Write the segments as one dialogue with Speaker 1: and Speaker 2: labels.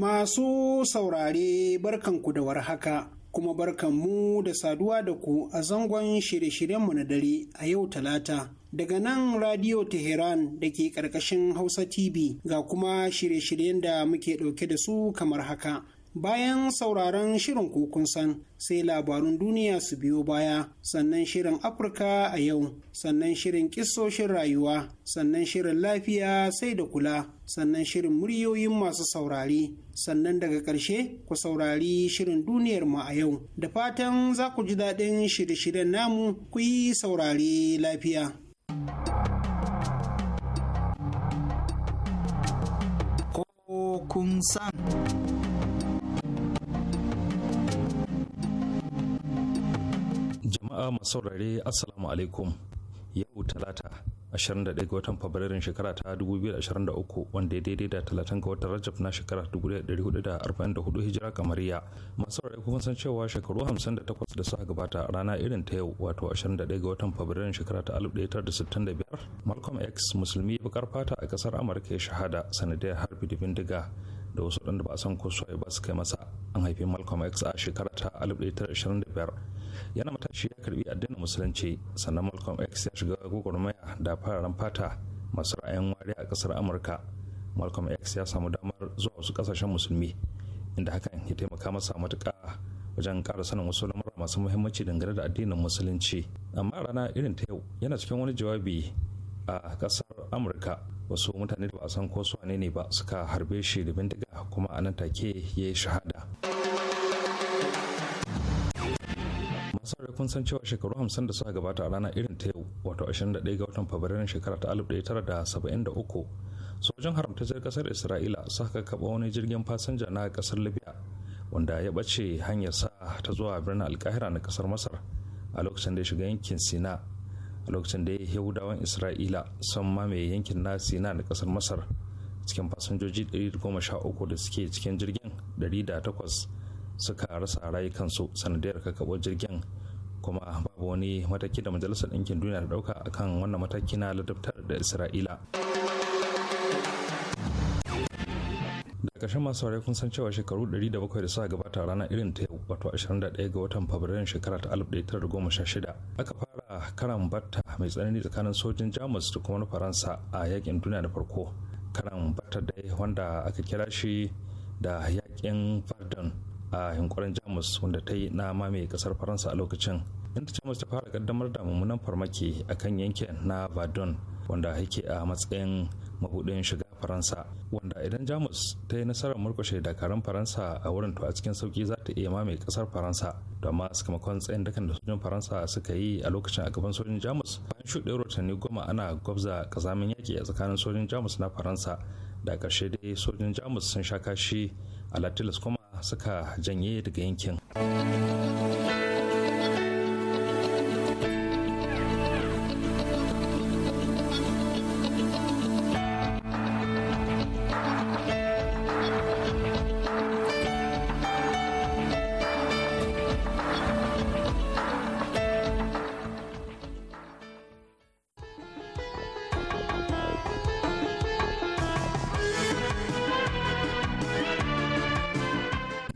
Speaker 1: Masu saurare barkanku da warhaka. Kuma barkanmu da saduwa da ku a zangon shirye-shiryenmu na dare a yau talata. Daga nan Radio Teheran da ke ƙarƙashin Hausa TV ga kuma shirye-shiryen da muke ɗauke da su kamar haka. bayan sauraron shirin kokun san sai labarun duniya su biyo baya sannan shirin afirka a yau sannan shirin kissoshin rayuwa sannan shirin lafiya sai da kula sannan shirin muryoyin masu saurari sannan daga ƙarshe ku saurari shirin duniyar ma a yau da fatan za ku ji daɗin shirye-shiryen namu ku yi saurare lafiya
Speaker 2: kokun san
Speaker 3: jama'a masu saurare assalamu alaikum yau talata 21 ga watan fabrairun shekara ta 2023 wanda ya daidai da talatin ga watan rajab na shekara 1444 hijira kamariya masu saurare kuma san cewa shekaru 58 da suka gabata rana irin ta yau wato 21 ga watan fabrairun shekara ta 1965 malcolm x musulmi bakar fata a kasar amurka ya shahada sanadiyar harbi da bindiga da wasu waɗanda ba a san ko ba su kai masa an haifi malcolm x a shekara ta 1925 yana matashi ya karbi addinin musulunci sannan malcolm x ya shiga gwagwarmaya da fararen fata masu ra'ayin wari a kasar amurka malcolm x ya samu damar zuwa wasu kasashen musulmi inda hakan ya taimaka masa matuka wajen ƙara sanin wasu lamura masu muhimmanci dangane da addinin musulunci amma rana irin ta yau yana cikin wani jawabi a kasar amurka wasu mutane da ba a san ko su ne ba suka harbe shi da bindiga kuma a nan take ya yi shahada. masar kun san cewa shekaru 50 da suka gabata a rana irin ta yau wato 21 ga watan fabrairun shekara ta 1973 sojin zai kasar isra'ila suka kaba wani jirgin fasinja na kasar libya wanda ya bace hanyar sa ta zuwa birnin alkahira na kasar masar a lokacin da ya shiga yankin sina a lokacin da ya yahudawan isra'ila sun mamaye yankin na sina na kasar masar cikin fasinjoji 113 da suke cikin jirgin 108 suka rasa rayukansu sanadiyar kakabo jirgin kuma babu wani mataki da majalisar ɗinkin duniya da ɗauka akan wannan mataki na ladabtar da isra'ila da ƙarshen masu saurari kun san cewa shekaru 700 da suka gabata rana irin ta yau wato 21 ga watan fabrairun shekara ta 1916 aka fara karan batta mai tsanani tsakanin sojin jamus da kuma faransa a yakin duniya da farko karan batta dai wanda aka kira shi da yakin fardon a yunkurin jamus wanda ta yi na mamaye kasar faransa a lokacin inda jamus ta fara kaddamar da mummunan farmaki a kan yankin na vadon wanda yake a matsayin mabuɗin shiga faransa wanda idan jamus ta yi nasarar murkushe dakarun faransa a wurin to a cikin sauki za ta iya mamaye kasar faransa domin sakamakon tsayin dakan da sojin faransa suka yi a lokacin a gaban sojin jamus bayan shuɗe watanni goma ana gwabza kazamin yaƙi a tsakanin sojin jamus na faransa da ƙarshe dai sojin jamus sun sha kashi a latilas kuma suka janye daga yankin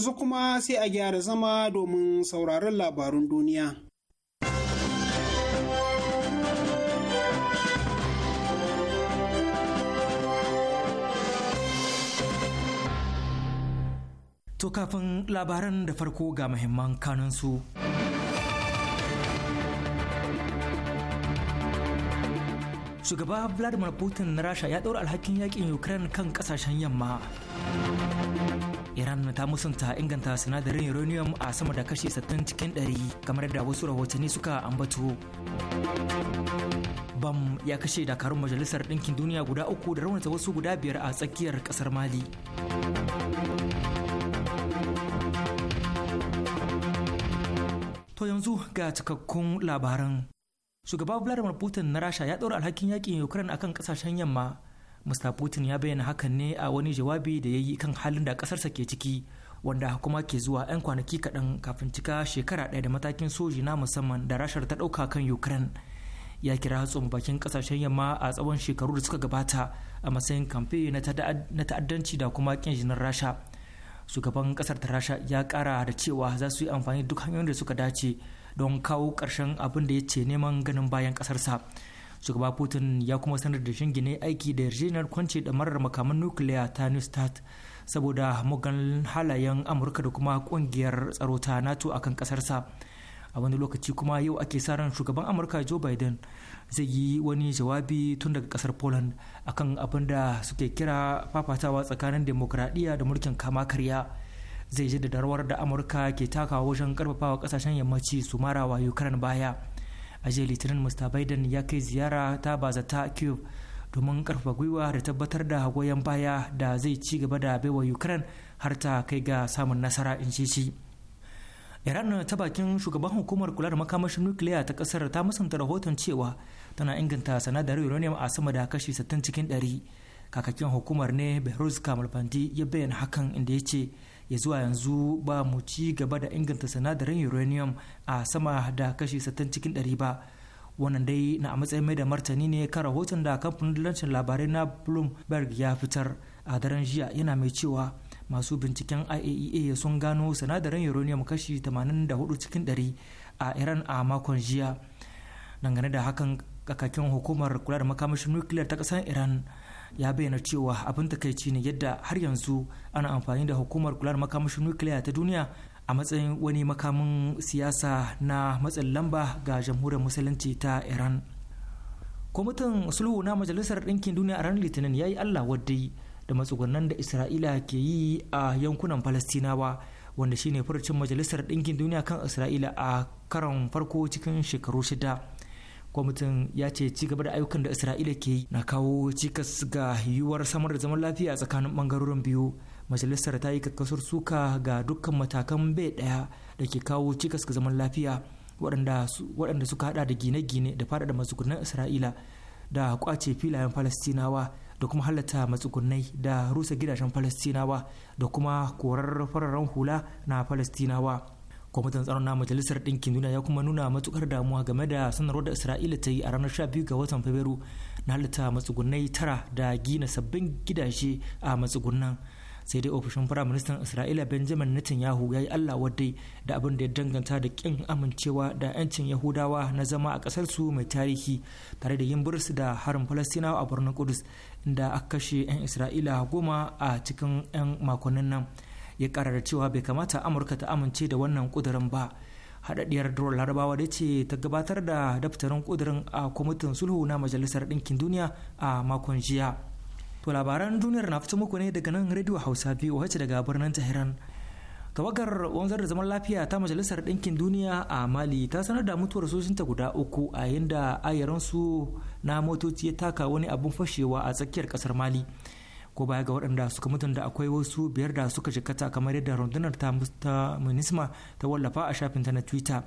Speaker 1: yanzu kuma sai a gyara zama domin sauraron labarun duniya.
Speaker 4: To kafin labaran da farko ga muhimman kanunsu. Shugaba Vladimir Putin na Rasha ya ɗaura alhakin yakin Ukraine kan ƙasashen yamma. iran ta musanta inganta sinadarin uranium a sama da kashe 60 cikin 100 kamar da wasu rahotanni suka ambato bam ya kashe dakarun majalisar ɗinkin duniya guda uku da raunata wasu guda biyar a tsakiyar ƙasar mali to yanzu ga cikakkun labaran shugaba vladimir putin na rasha ya ɗora alhakin yakin ukraine akan ƙasashen yamma mr putin ya bayyana hakan ne a wani jawabi da ya yi kan halin da kasarsa ke ciki wanda kuma ke zuwa 'yan kwanaki kaɗan kafin cika shekara ɗaya da matakin soji na musamman da rashar ta ɗauka kan ukraine ya kira hatsun bakin kasashen yamma a tsawon shekaru da suka gabata a matsayin kamfe na ta'addanci da kuma kin jinin rasha shugaban ƙasar ta rasha ya kara da cewa za su yi amfani duk hanyoyin da suka dace don kawo ƙarshen abin da ya ce neman ganin bayan ƙasarsa. sa shugaba putin ya kuma sanar da shingine aiki da yarjejeniyar kwance marar makaman nukiliya ta new start saboda mugan halayen amurka da kuma kungiyar tsaro ta nato akan kasarsa a wani lokaci kuma yau ake sa ran shugaban amurka joe biden zai yi wani jawabi tun daga kasar poland akan abin da suke kira fafatawa tsakanin demokradiyya da mulkin kama karya zai ji da darwar da amurka ke takawa wajen karfafawa kasashen yammaci su marawa ukraine baya a jiya litinin mr biden ya kai ziyara ta bazata kyiv domin karfafa gwiwa da tabbatar da goyon baya da zai ci gaba da baiwa ukraine har ta kai ga samun nasara in ci shi iran ta bakin shugaban hukumar kula da makamashin nukiliya ta kasar ta musanta rahoton cewa tana inganta sanadarin uranium a sama da kashi 60 cikin 100 kakakin hukumar ne behruz kamalfandi ya bayyana hakan inda ya ce ya zuwa yanzu ba mu ci gaba da inganta sinadarin uranium a sama da kashi 60 cikin 100 ba wannan dai na a matsayin mai da martani ne kan rahoton da kamfanin lancin labarai na bloomberg ya fitar a daren jiya yana mai cewa masu binciken iaea e sun gano sinadarin uranium kashi 84 cikin 100 a iran a makon jiya dangane da hakan kakakin hukumar kula da makamashin nukiliyar ta kasar iran ya bayyana cewa abin takaici ne yadda har yanzu ana amfani da hukumar kula da makamashin nukiliya ta duniya a matsayin wani makamin siyasa na matsin lamba ga jamhuriyar musulunci ta iran kwamitin sulhu na majalisar ɗinkin duniya a ranar litinin ya yi allah waddai da matsugunan da isra'ila ke yi a yankunan falastinawa wanda shine furucin majalisar ɗinkin duniya kan isra'ila a karan farko cikin shekaru shida kwamitin ya ce ci gaba da ayyukan da isra'ila ke yi na kawo cikas ga yiwuwar samar da zaman lafiya tsakanin bangarorin biyu majalisar ta yi kakkasar suka ga dukkan matakan bai daya da ke kawo cikas ga zaman lafiya waɗanda suka hada da gine-gine da faɗaɗa matsugunan isra'ila da kwace filayen falastinawa da kuma halatta matsugunai da rusa gidajen falastinawa da kuma korar fararen hula na falastinawa kwamitin tsaron na majalisar ɗinkin duniya ya kuma nuna matukar damuwa game da sanarwar da isra'ila ta yi a ranar 12 ga watan fabrairu na halitta matsugunai tara da gina sabbin gidaje a matsugunan sai dai ofishin firaministan isra'ila benjamin netanyahu ya yi allah wadai da abin da ya danganta da kin amincewa da 'yancin yahudawa na zama a kasar su mai tarihi tare da yin buris da harin falastinawa a birnin kudus inda aka kashe 'yan isra'ila goma a cikin 'yan makonnin nan ya kara cewa bai kamata amurka ta amince da wannan kudirin ba hadaddiyar duwar larabawa da ce ta gabatar da daftarin kudirin a kwamitin sulhu na majalisar ɗinkin duniya a makon jiya to labaran duniyar na fito muku ne daga nan radio hausa biyu wacce daga birnin tehran tawagar wanzar da zaman lafiya ta majalisar ɗinkin duniya a mali ta sanar da mutuwar sojinta guda uku a yayin da ayaransu na motoci ya taka wani abun fashewa a tsakiyar ƙasar mali ko baya ga waɗanda suka mutum da akwai wasu biyar da suka jikata kamar yadda rundunar ta munisma ta wallafa a shafin ta na twitter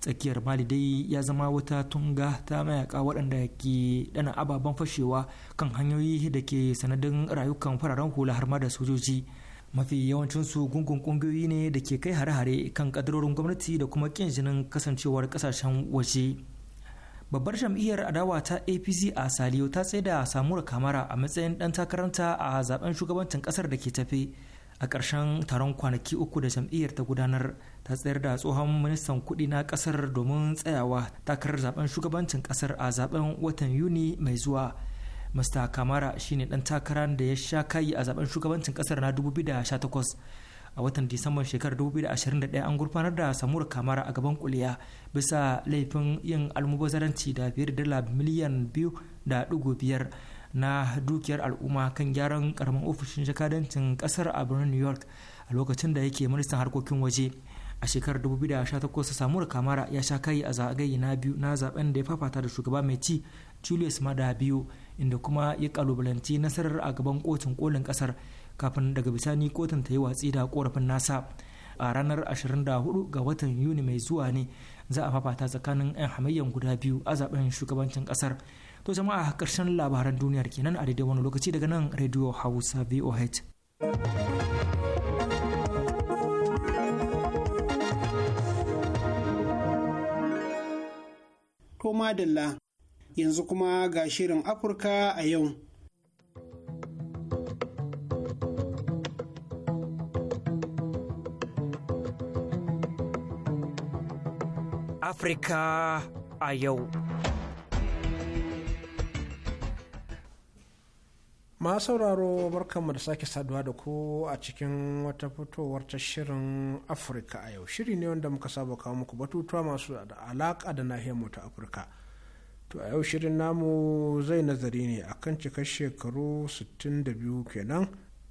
Speaker 4: tsakiyar mali dai ya zama wata tunga ta mayaka waɗanda ke ɗana ababen fashewa kan hanyoyi da ke sanadin rayukan fararen hula har ma da sojoji mafi yawancinsu gungun ƙungiyoyi ne da ke kai hare-hare kan ƙadarorin gwamnati da kuma ƙin jinin kasancewar ƙasashen waje babbar jam'iyyar adawa ta apc a saliyo ta da samuwar kamara a matsayin dan takaranta a zaben shugabancin kasar da ke tafe a ƙarshen taron kwanaki uku da jam'iyyar ta gudanar ta tsayar da tsohon ministan kuɗi na ƙasar domin tsayawa takarar zaben shugabancin ƙasar a zaben watan yuni mai zuwa mr kamara shine dan takarar da ya sha kayi a zaben shugabancin kasar na 2018 a watan disamban shekarar 2021 an gurfanar da samuwar kamara a gaban kuliya bisa laifin yin almubazaranci da fiye da dala miliyan biyu da dugu na dukiyar al'umma kan gyaran karamin ofishin jakadancin kasar a birnin new york a lokacin da yake ministan harkokin waje a shekarar 2018 samuwar kamara ya sha kai a zagaye na biyu na zaben da ya fafata da shugaba mai ci julius mada biyu inda kuma ya kalubalanci nasarar a gaban kotun kolin kasar kafin daga bisani kotun ta yi watsi da korafin nasa a ranar 24 ga watan yuni mai zuwa ne za a fafata tsakanin 'yan hamayyan guda biyu a zaben shugabancin kasar to jama'a karshen labaran duniyar kenan a daidai wani lokaci daga nan radio hausa voh to
Speaker 1: madalla yanzu kuma ga shirin afirka a yau
Speaker 4: Afirka a yau.
Speaker 5: Ma sauraro barkanmu da sake saduwa da ku a cikin wata fitowar ta shirin Afirka a yau. Shiri ne wanda muka saba kawo muku batutuwa masu da alaƙa da nahiyar ta Afirka. To a yau shirin namu zai nazari ne akan cikar shekaru 62 kenan.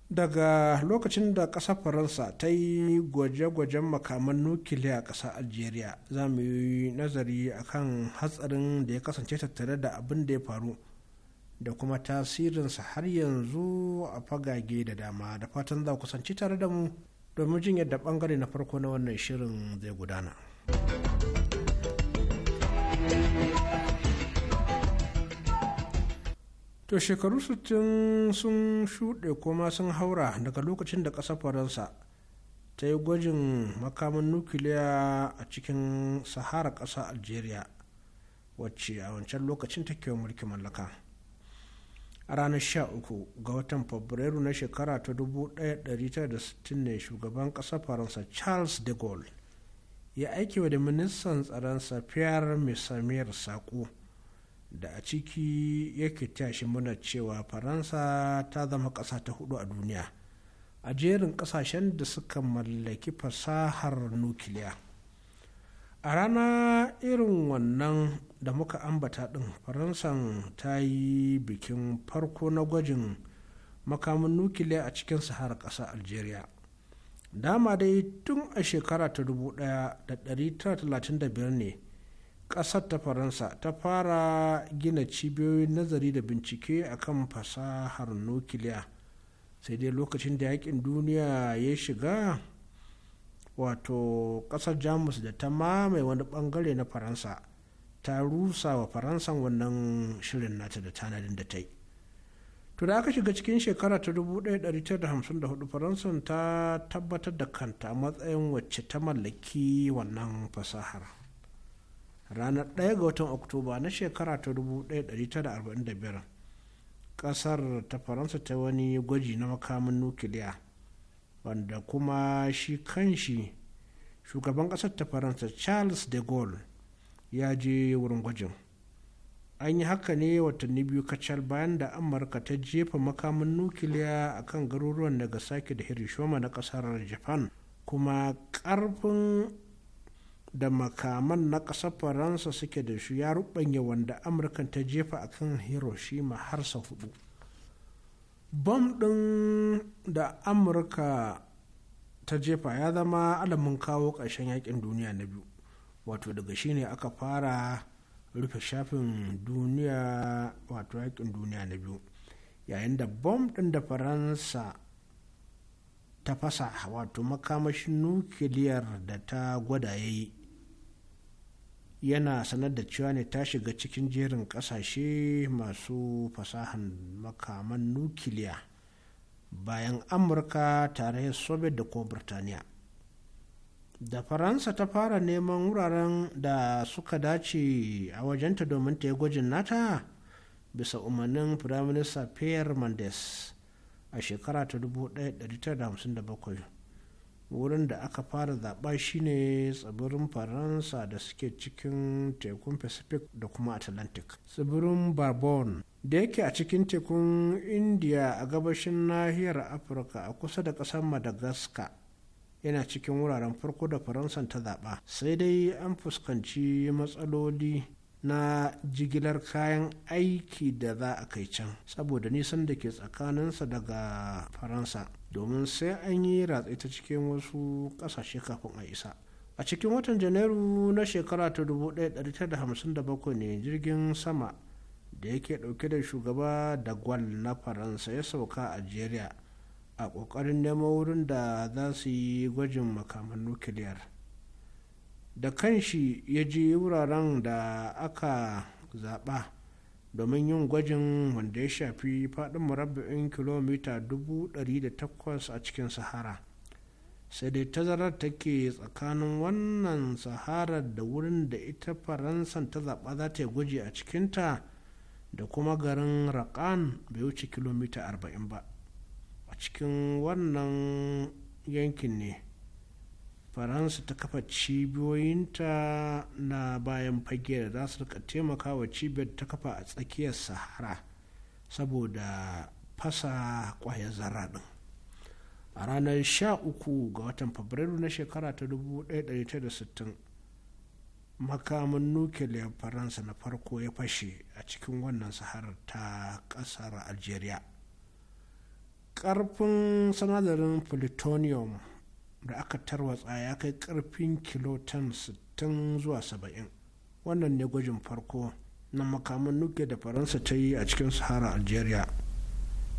Speaker 5: daga lokacin da ƙasar faransa ta yi gwaje-gwajen makaman nukiliya a ƙasar algeria za mu yi nazari akan hatsarin da ya kasance tattare da abin da ya faru da kuma tasirinsa har yanzu a fagage da dama da fatan za kusanci tare da mu domin jin yadda bangare na farko na wannan shirin zai gudana. to shekaru sittin sun shuɗe kuma sun haura daga lokacin da ƙasar faransa ta yi gwajin makaman nukiliya a cikin sahara ƙasa algeria wacce a wancan lokacin ta kewa mulkin mallaka a ranar 13 ga watan fabrairu na shekara ta 1960 ne shugaban ƙasar faransa charles de gaulle ya aiki wa da ministan tsaron safiyar misamir saƙo da a ciki yake tashi muna cewa faransa ta zama ƙasa ta hudu a duniya a jerin ƙasashen da suka mallaki fasahar nukiliya a rana irin wannan da muka ambata ɗin faransan ta yi bikin farko na gwajin makamin nukiliya a cikin sahara ƙasa algeria dama dai tun a shekara ta 1935 ne kasar ta faransa ta fara gina cibiyoyin nazari da bincike akan fasahar nukiliya sai dai lokacin da yakin duniya ya shiga wato kasar jamus da ta mamaye wani bangare na faransa ta rusa wa faransa wannan shirin nata da tanadin da ta yi to da aka shiga cikin shekara ta 1954 faransa ta tabbatar da kanta a matsayin wacce ta mallaki wannan fasahar ranar 1 ga watan oktoba na shekara ta 1945 kasar ta faransa ta wani gwaji na makamin nukiliya wanda kuma shi kanshi shugaban kasar ta faransa charles de gaulle ya je wurin gwajin an yi haka ne watanni biyu kacal bayan da amurka ta jefa makamin nukiliya a kan garuruwan nagasaki da hiroshima na kasar japan kuma karfin da makaman na ƙasar faransa suke da shi ya rubanya wanda amurka ta jefa a kan hiroshima har sa hudu bom ɗin da amurka ta jefa ya zama alamun kawo ƙarshen yakin duniya na biyu wato daga shi ne aka fara rufe shafin duniya wato yakin duniya na biyu yayin da bom ɗin da faransa ta fasa wato makamashin nukiliyar da ta gwada ya yi yana sanar da cewa ne ta shiga cikin jerin kasashe masu fasahan makaman nukiliya bayan amurka tarayyar soviet da ko birtaniya da faransa ta fara neman wuraren da suka dace a wajenta domin ta yi gwajin nata bisa umarnin firaminista pierre mendes a shekara ta 1957 wurin da aka fara zaɓa shine tsibirin faransa da suke cikin tekun pacific da kuma atlantic tsibirin barbon da yake a cikin tekun india a gabashin nahiyar afirka a kusa da ƙasar madagascar yana cikin wuraren farko da faransa ta zaɓa sai dai an fuskanci matsaloli na jigilar kayan aiki da za a kai can saboda nisan da ke tsakaninsa daga faransa domin sai an yi ratsa ta cikin wasu kasashe kafin a isa a cikin watan janairu na shekara ta 1957 ne jirgin sama da yake dauke da shugaba da gwal na faransa ya sauka a algeria a kokarin neman wurin da za su yi gwajin makaman nukiliyar da kanshi ya ji wuraren da aka zaba. domin yin gwajin wanda ya shafi faɗin murabba'in kilomita 800 a cikin sahara sai dai tazarar ta ke tsakanin wannan sahara da wurin da ita faransan ta zaɓa za ta yi gwaji a cikinta da kuma garin raƙan bai wuce kilomita 40 ba a cikin wannan yankin ne faransa ta kafa cibiyoyinta na bayan fage da za su rika taimaka wa cibiyar ta kafa a tsakiyar sahara saboda fasa kwayar zarra din a ranar 13 ga watan fabrairu na shekara ta 1960 makamin nukiliyar faransa na farko ya fashe a cikin wannan sahara ta kasar algeria karfin sanadarin plutonium da aka tarwatsa ya kai karfin kilotan 60 zuwa 70 wannan ne gwajin farko na makaman nuke da faransa ta yi a cikin sahara algeria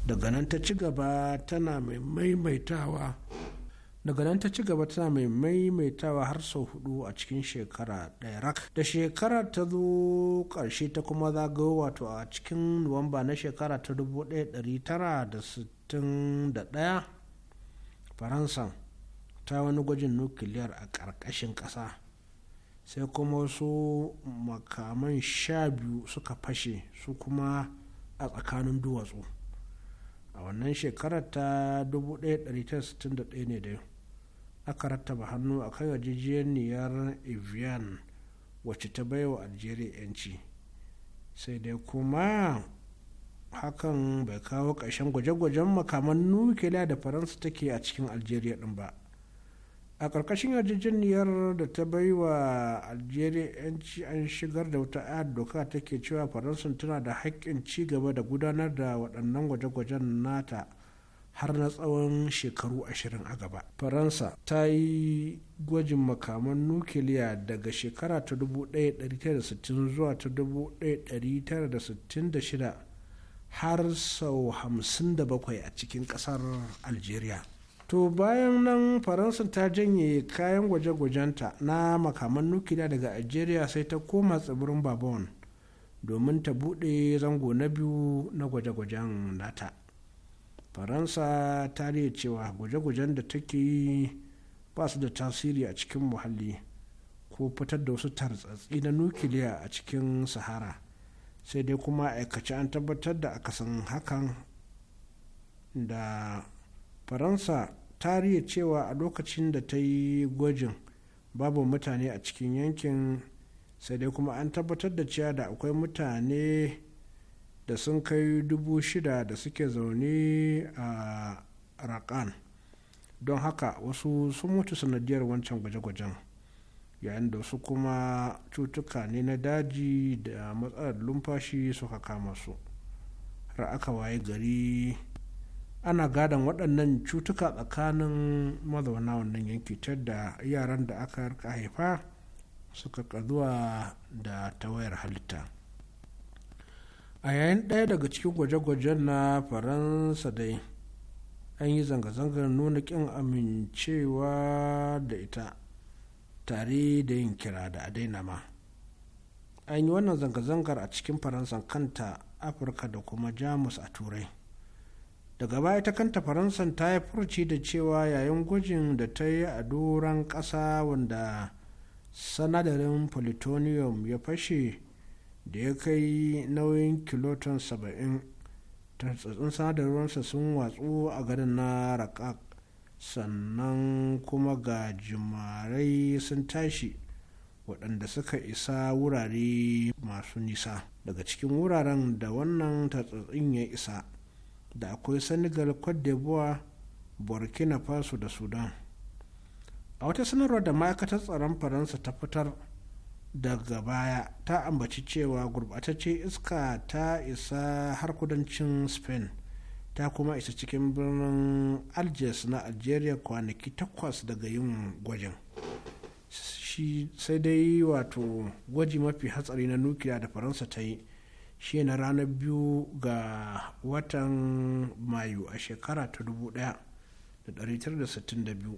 Speaker 5: daga nan ta ci gaba tana mai maimaitawa daga nan ta ci gaba tana mai maimaitawa har sau hudu a cikin shekara ɗaya rak da shekara ta zo ƙarshe ta kuma zaga wato a cikin nuwamba na shekara ta 1961 faransa ta wani gwajin nukiliyar a ƙarƙashin ƙasa sai kuma wasu makaman sha biyu suka fashe su kuma a tsakanin duwatsu a wannan shekarar ta 1961 ne da aka rattaba hannu a kan yarjejeniyar evian wacce ta baiwa algeria 'yanci sai dai kuma hakan bai kawo ƙarshen gwaje-gwajen makaman nukiliya da faransa take a cikin algeria din ba a ƙarƙashin yarjejeniyar da ta bai wa algeria yanci an shigar da wata ayar doka take cewa faransa tana da haƙƙin ci gaba da gudanar da waɗannan gwaje-gwajen nata har na tsawon shekaru ashirin a gaba faransa ta yi gwajin makaman nukiliya daga shekara ta 1960 zuwa ta 1966 har sau 57 a cikin ƙasar algeria to bayan nan faransa ta janye kayan gwaje-gwajenta na makaman nukiliya daga algeria sai ta koma tsibirin babon domin ta bude zango na biyu na gwaje-gwajen nata faransa ta cewa gwaje-gwajen da take yi ba su da tasiri a cikin muhalli ko fitar da wasu tartsatsi na nukiliya a cikin sahara sai dai kuma aikace an tabbatar da akasin hakan da faransa ta riya cewa a lokacin da ta yi gwajin babu mutane a cikin yankin sai dai kuma an tabbatar da cewa da akwai mutane da sun kai dubu shida da suke zaune a rakan don haka wasu sun mutu sanadiyar wancan gwaje-gwajen yayin da wasu kuma cutuka ne na daji da matsalar lumfashi suka kama su ra'aka waye gari ana gadon waɗannan cutuka tsakanin mazauna wannan yanki ta da yaran da aka harka haifa suka kazuwa da tawayar halitta a yayin ɗaya daga cikin gwaje-gwajen na faransa dai an yi zanga-zangar nuna ƙin amincewa da ita tare da yin kira da a daina ma an yi wannan zanga-zangar a cikin faransa kanta afirka da kuma jamus a turai daga baya ta kanta faransan ta yi furci da cewa yayin gwajin da ta yi a doron ƙasa wanda sanadarin plutonium ya fashe da ya kai nauyin kiloton 70 tantsatsun sanadarinsa sun watsu a garin na rakak sannan kuma ga jimarai sun tashi waɗanda suka isa wurare masu nisa daga cikin wuraren da wannan tatsatsin ya isa da akwai senegal cote d'ivoire burkina faso da sudan a wata sanarwar da ma'aikatar tsaron faransa ta fitar daga baya ta ambaci cewa gurbatacce iska ta isa har kudancin spain ta kuma isa cikin birnin algiers na algeria kwanaki takwas daga yin gwajin sai dai wato gwaji mafi hatsari na nukiliya da faransa ta yi shi na ranar biyu ga watan mayu a shekara ta 1962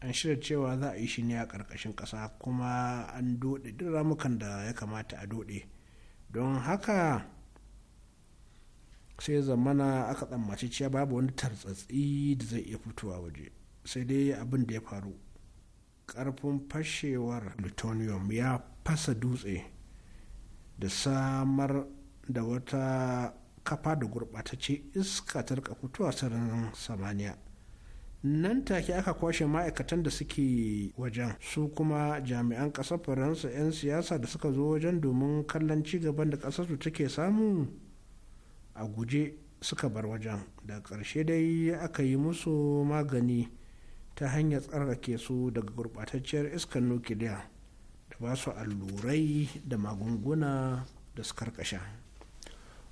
Speaker 5: an shirya cewa za a yi shi ne a ƙarƙashin ƙasa kuma an doɗe duk ramukan da ya kamata a doɗe don haka sai zamana aka tsammaci cewa babu wani tartsatsi da zai iya fitowa waje sai dai abin da ya faru ƙarfin fashewar plutonium ya fasa dutse da samar da wata kafa da gurɓatacce iska ta rika fitowa sararin samaniya nan take aka kwashe ma'aikatan da suke wajen su kuma jami'an ƙasar faransa 'yan siyasa da suka zo wajen domin kallon cigaban da su take samu a guje suka bar wajen da ƙarshe dai aka yi musu magani ta hanyar tsarkake su daga gurɓatacciyar iskar nukiliya ta ba su allurai da magunguna da su karkasha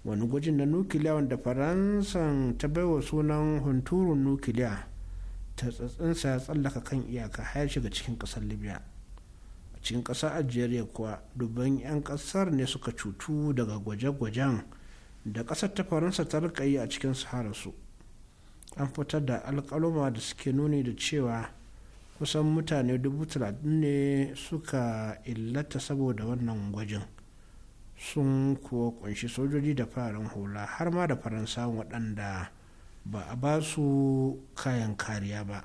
Speaker 5: wani gwajin na nukiliya wanda faransan ta baiwa sunan hunturun nukiliya ta tsatsinsa ya tsallaka kan iyaka har shiga cikin kasar libya a cikin kasar algeria kuwa dubban 'yan kasar ne suka cutu daga gwaje-gwajen da kasar ta faransa ta rika yi a cikin su an fitar da alkaluma da suke nuni da cewa kusan mutane dubu talatin ne suka illata saboda wannan gwajin sun kuwa kunshi sojoji da farin hula har ma da faransa waɗanda ba a ba su kayan kariya ba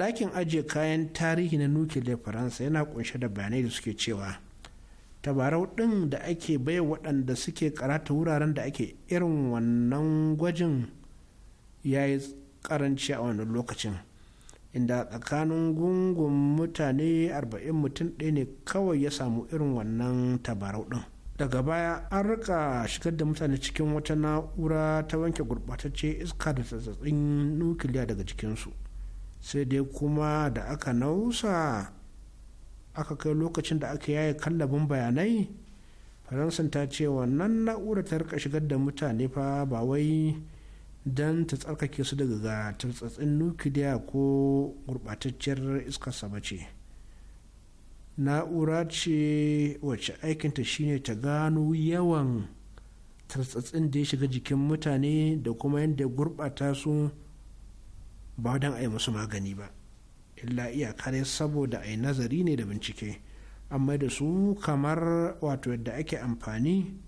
Speaker 5: ɗakin ajiye kayan tarihi na nukiliyar faransa yana kunshe da bayanai da suke cewa tabarau ɗin da ake bai waɗanda suke karata wuraren da ake irin wannan gwajin ya yi karanci a wannan lokacin inda tsakanin gungun mutane 40 mutum ɗaya ne kawai ya samu irin wannan tabarau ɗin daga baya an rika shigar da mutane cikin wata na'ura ta wanke gurɓatacce iska da tsatsatsin nukiliya daga jikinsu sai dai kuma da aka nausa aka kai lokacin da aka yaye kallabin bayanai faransan ta ce wannan na'ura ta rika shigar da mutane fa ba wai don ta tsarkake su daga tartsatsin nukiliya ko gurɓatacciyar iskarsa sama ce na'ura ce wacce aikinta shine ta gano yawan tartsatsin da ya shiga jikin mutane da kuma yadda gurɓata su ba don a yi musu magani ba illa iyaka ne saboda a yi nazari ne da bincike amma da su kamar wato yadda ake amfani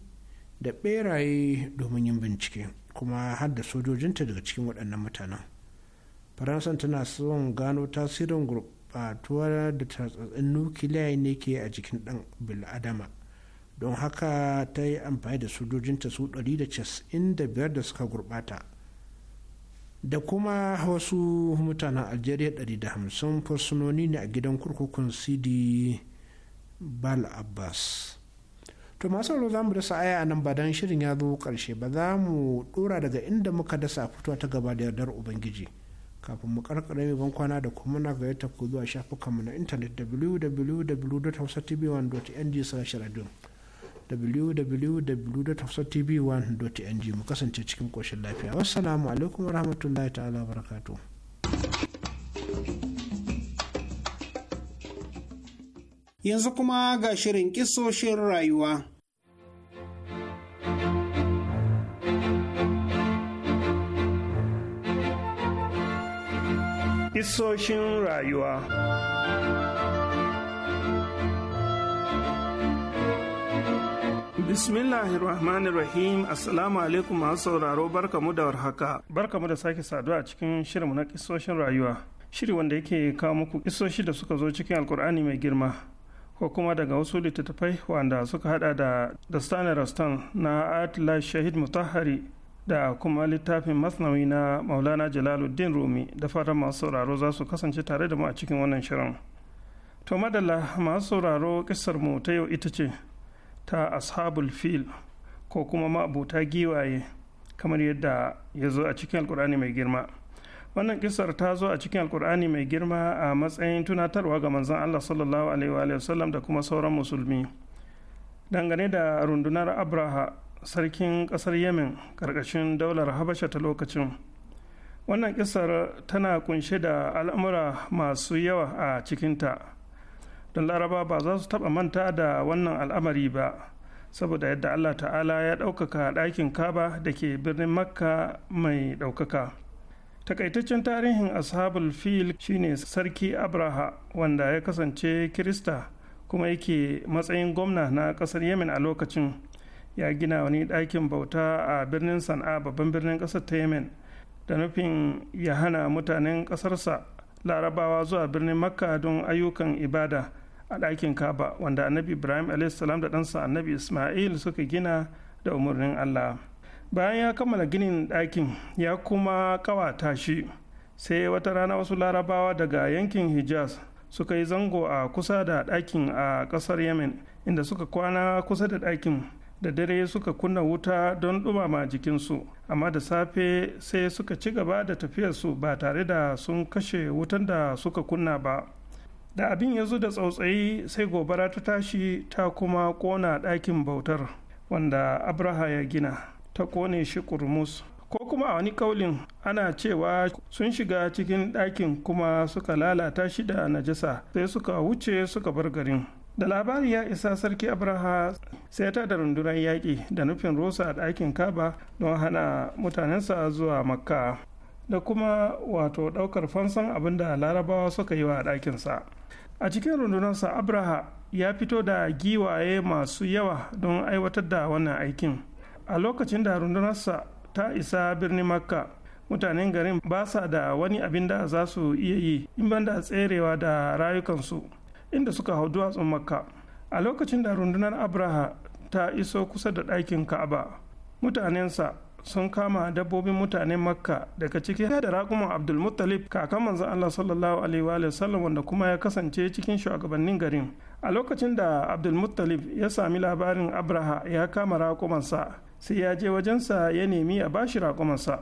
Speaker 5: da ɓeraye domin yin bincike kuma har sojojinta daga cikin waɗannan mutanen faransa tana son gano tasirin gurɓatuwa da tartsatsin nukiliya ne ke a jikin ɗan bil'adama don haka ta yi amfani da sojojinta su 195 da suka gurɓata da kuma wasu mutanen algeria hamsin fursunoni ne a gidan kurkukun sidi bal abbas to masu sauraro za mu dasa aya a nan ba dan shirin ya zo karshe ba za mu dora daga inda muka dasa fitowa ta gaba da yardar ubangiji kafin mu karkare mai ban kwana da kuma na gayyata ku zuwa shafukanmu na intanet www.hausatv1.ng/radio www.hausatv1.ng mu kasance cikin koshin lafiya wassalamu alaikum warahmatullahi ta'ala barakatuh
Speaker 1: yanzu kuma ga shirin kisoshin rayuwa.
Speaker 6: Kisoshin rayuwa Bismillahirrahmanirrahim Assalamu alaikum masu sauraro barkamu da warhaka. Barkamu da sake saduwa a cikin shirinmu na kisoshin rayuwa. Shiri wanda yake kawo muku kisoshi da suka zo cikin alkur'ani mai girma ko kuma daga wasu littattafai wanda suka hada da da rastan na atlas shahid mutahari da kuma littafin masnawi na maulana jalaluddin rumi da fatan masu sauraro za su kasance tare da mu a cikin wannan shirin to madalla masu sauraro kisar mu ta yau ita ce ta ashabul fil ko kuma ma'abuta giwaye kamar yadda ya zo a cikin alkur'ani mai girma wannan kisar ta zo a cikin alkur'ani mai girma a matsayin tunatarwa ga manzon allah sallallahu alaihi sallam da kuma sauran musulmi dangane da rundunar abraha sarkin kasar yemen karkashin daular habasha ta lokacin wannan kisar tana kunshe da al'amura masu yawa a cikinta don laraba ba za su taba manta da wannan al'amari ba saboda yadda allah ta'ala ya ɗaukaka ɗakin kaba da ke birnin makka mai ɗaukaka takaitaccen tarihin ashabul fil shine sarki abraha wanda ya kasance kirista kuma yake matsayin gwamna na kasar yemen a lokacin ya gina wani ɗakin bauta a birnin sana'a babban birnin ƙasar ta yemen da nufin ya hana mutanen ƙasarsa larabawa zuwa birnin makka don ayyukan ibada a ɗakin kaba wanda annabi ibrahim a.s. da ɗansa annabi ismail suka gina da umarnin allah bayan ya kammala ginin ɗakin ya kuma ƙawata shi sai wata rana wasu larabawa daga yankin hijaz suka yi zango a kusa da ɗakin a ƙasar yemen inda suka kwana kusa da ɗakin da dare suka kunna wuta don ɗumama jikinsu amma da safe sai suka ci gaba da tafiyarsu ba tare da sun kashe wutan da suka kunna ba da abin ya zo da tsautsayi sai gobara ta tashi ta kuma kona ɗakin bautar wanda abraha ya gina ta kone shi kurmus ko kuma a wani kaulin ana cewa sun shiga cikin ɗakin kuma suka lalata shi da najasa sai suka wuce suka bar garin da labari ya isa sarki abraha sai ta da rundunar yaƙi da nufin rosa a ɗakin kaba don hana mutanensa zuwa makka da kuma wato ɗaukar fansan abin da larabawa suka yi wa ɗakinsa a cikin rundunarsa abraha ya fito da giwaye masu yawa don aiwatar da wannan aikin a lokacin da rundunarsa ta isa birnin makka mutanen garin ba sa da wani abin da za su iya yi in banda tserewa da rayukansu inda suka hau duwatsun makka a lokacin da rundunar abraha ta iso kusa da ɗakin ka'aba mutanensa sun kama dabbobin mutanen makka daga ciki da raƙuman abdulmuttalib kakan Manzo allah sallallahu alaihi wa sallam wanda kuma ya kasance cikin shugabannin garin a lokacin da abdulmuttalib ya sami labarin abraha ya kama rakumansa. sai ya je wajensa ya nemi a bashi raƙumansa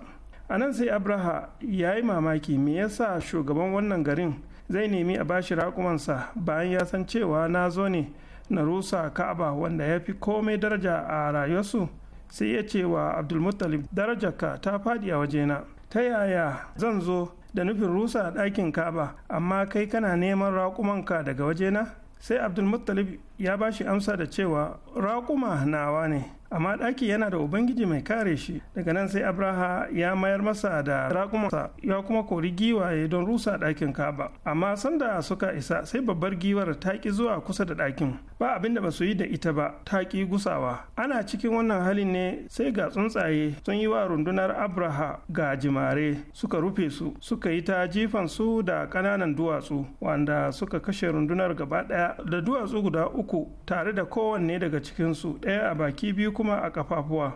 Speaker 6: a nan sai abraha ya yi mamaki me yasa shugaban wannan garin zai nemi a bashi raƙumansa bayan ya san cewa na zo ne na rusa ka'aba wanda ya fi komai daraja a rayuwarsu sai ya ce wa abdulmuttalib darajarka ta faɗi a wajena ta yaya zan zo da nufin rusa a ɗakin ka'aba amma kai kana neman raƙumanka daga wajena sai abdulmuttalib ya ba shi amsa da cewa raƙuma nawa ne amma ɗaki yana da ubangiji mai kare shi daga nan sai abraha ya mayar masa da raƙumansa ya kuma kori giwaye don rusa ɗakin kaba amma sanda suka isa sai babbar giwar ta ƙi zuwa kusa da ɗakin ba abin da ba su yi da ita ba ta ƙi gusawa ana cikin wannan halin ne sai ga tsuntsaye sun yi wa rundunar abraha ga jimare suka rufe su suka yi ta jifan su da ƙananan duwatsu wanda suka kashe rundunar gaba ɗaya da duwatsu guda uku uku tare da kowanne daga cikinsu ɗaya a baki biyu kuma a ƙafafuwa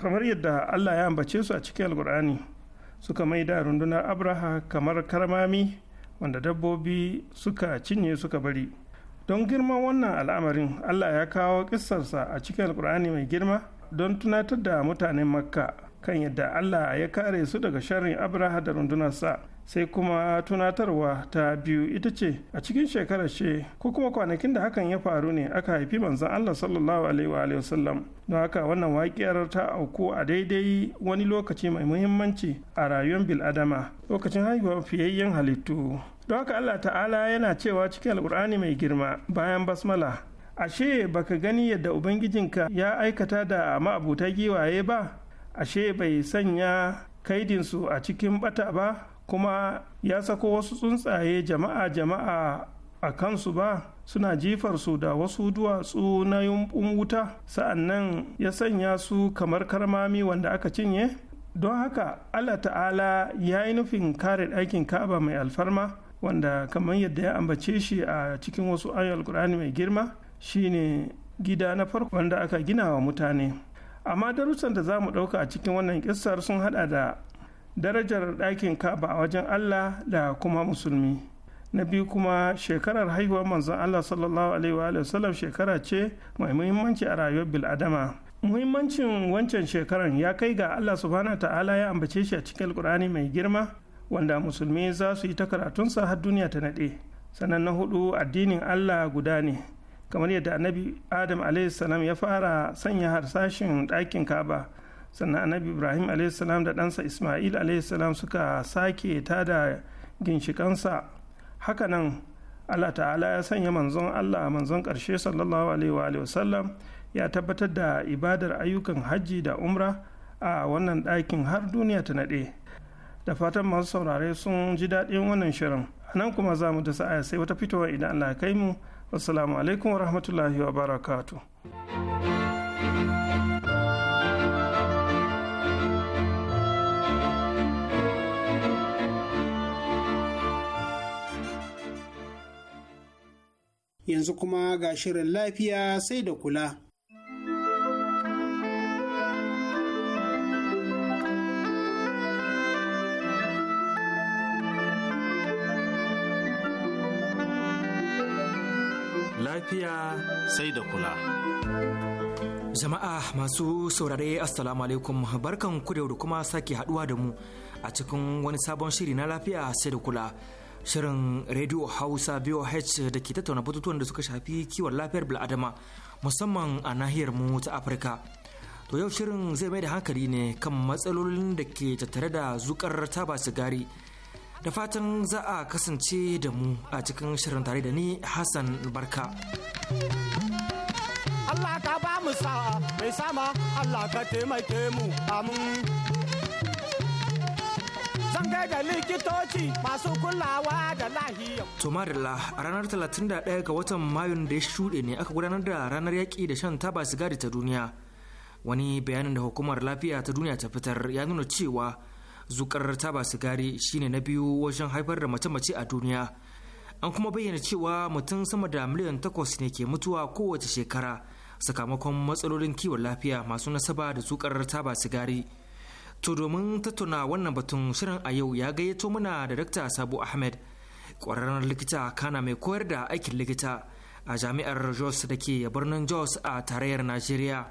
Speaker 6: kamar yadda allah ya ambace su a cikin alkur'ani suka mai da rundunar abraha kamar karmami wanda dabbobi suka cinye suka bari don girman wannan al'amarin allah ya kawo ƙisarsa a cikin alkur'ani mai girma don tunatar da mutanen makka kan yadda allah ya kare su daga sharrin abraha da rundunarsa sai kuma tunatarwa ta biyu ita ce a cikin shekarar ce ko kuma kwanakin da hakan ya faru ne aka haifi manzon Allah sallallahu alaihi wa sallam don haka wannan waƙiyar ta auku a daidai wani lokaci mai muhimmanci a rayuwar bil'adama lokacin haihuwar fiyayyen halittu don haka Allah ta'ala yana cewa cikin alkur'ani mai girma bayan basmala ashe baka gani yadda ubangijinka ya aikata da ma'abuta giwaye ba ashe bai sanya kaidinsu a cikin bata ba kuma ya sako wasu tsuntsaye jama'a-jama'a a kansu ba suna jifar su da wasu duwatsu na yumbun wuta sa'annan ya sanya su kamar karmami wanda aka cinye don haka allah ta'ala ya yi nufin kare ɗakin ka'aba mai alfarma wanda kamar yadda ya ambace shi a cikin wasu ayoyi qur'ani mai girma shine gida na farko wanda aka gina wa mutane amma darussan da za mu ɗauka a cikin wannan kissar sun hada da darajar ɗakin kaba a wajen allah da kuma musulmi na biyu kuma shekarar haihuwar manzon allah sallallahu alaihi wa sallam shekara ce mai muhimmanci a rayuwar bil'adama muhimmancin wancan shekaran ya kai ga allah subhanahu ta'ala ya ambace shi a cikin alkur'ani mai girma wanda musulmi za su yi ta karatunsa har duniya ta naɗe sannan na hudu addinin allah guda ne kamar yadda annabi adam salam ya fara sanya harsashin ɗakin kaba sannan annabi ibrahim a.s. da ɗansa ismail a.s. suka sake ta da ginshikansa hakanan allah ta'ala ya sanya manzon allah manzon karshe sallallahu alaihi wa sallam ya tabbatar da ibadar ayyukan hajji da umra a wannan ɗakin har duniya ta naɗe da fatan masu saurare sun ji daɗin wannan shirin a nan kuma za mu dasa sai wata fitowa idan allah ya kai mu wasu alaikum wa rahmatullahi wa barakatuh
Speaker 1: yanzu kuma ga shirin lafiya sai da kula.
Speaker 6: lafiya sai da kula. Jama'a
Speaker 4: masu saurare Assalamu alaikum barkan ku kuma sake haduwa da mu a cikin wani sabon shiri na lafiya sai da kula. shirin radio hausa voh da ke tattauna batutuwan da suka shafi kiwon lafiyar bil'adama musamman a nahiyar mu ta afirka to yau shirin zai mai da hankali ne kan matsalolin da ke tattare da zukar taba sigari da fatan za a kasance da mu a cikin shirin tare da ni hassan barka
Speaker 7: Allah ka ba mu sa'a mai sama Allah ka taimake mu amin zan ga likitoci masu kulawa da lahiyar.
Speaker 4: Tomarilla a ranar 31 ga watan Mayun da ya shuɗe ne aka gudanar da ranar yaƙi da shan taba sigari ta duniya. Wani bayanin da hukumar lafiya ta duniya ta fitar ya nuna cewa zukar taba sigari shine na biyu wajen haifar da mace-mace a duniya. An kuma bayyana cewa mutum sama da miliyan takwas ne ke mutuwa kowace shekara sakamakon matsalolin kiwon lafiya masu nasaba da zukar taba sigari. To domin tattauna wannan batun shirin a yau ya gayyato mana da Dr. Sabo Ahmed, ƙwararren likita kana mai koyar da aikin likita a jami'ar Jos da ke birnin Jos a tarayyar Najeriya.